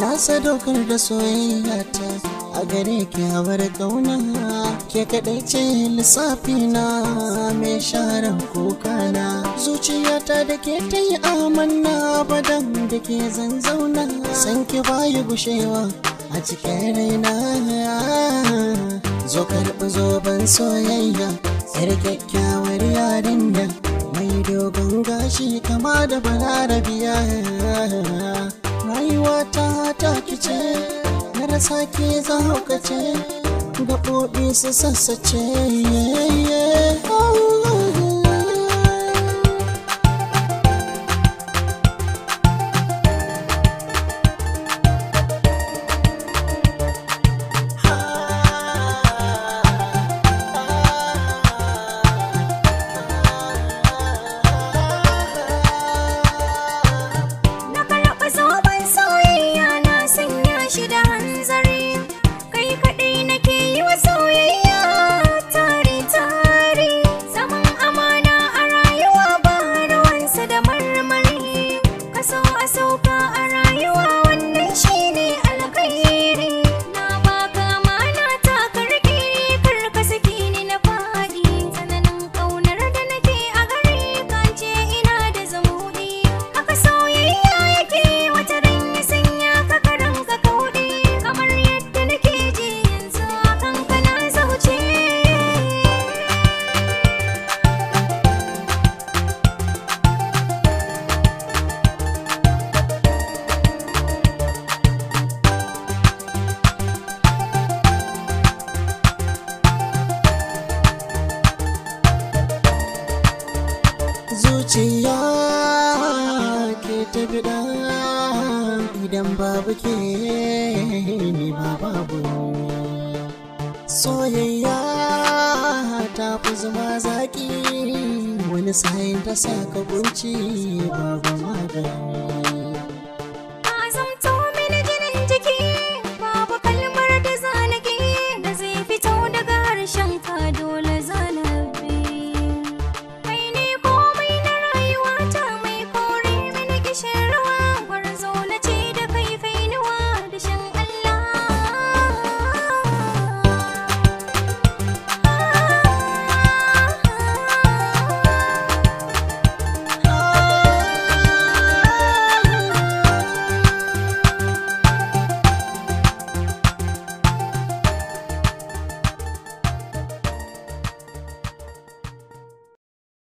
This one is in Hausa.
na sadaukar da soyayyata a gare ki hawar kauna ke kaɗai ce lissafi na mai sharan kokana zuciyata da ke ta yi amanna badan da ke zanzauna san ki bayi gushewa a cikin raina zo karɓi zoben soyayya yar kyakkyawar yarin da mai dogon gashi kama da balarabiya ta sake za haukace gaɓoɓi su sassace al'amari kaso a sauka a rayuwa wannan shi zuciya ke ta bida idan babu ke ni ba babu soyayya ta fi zama zaƙi, wani sayin ta sa ka kunci babu magani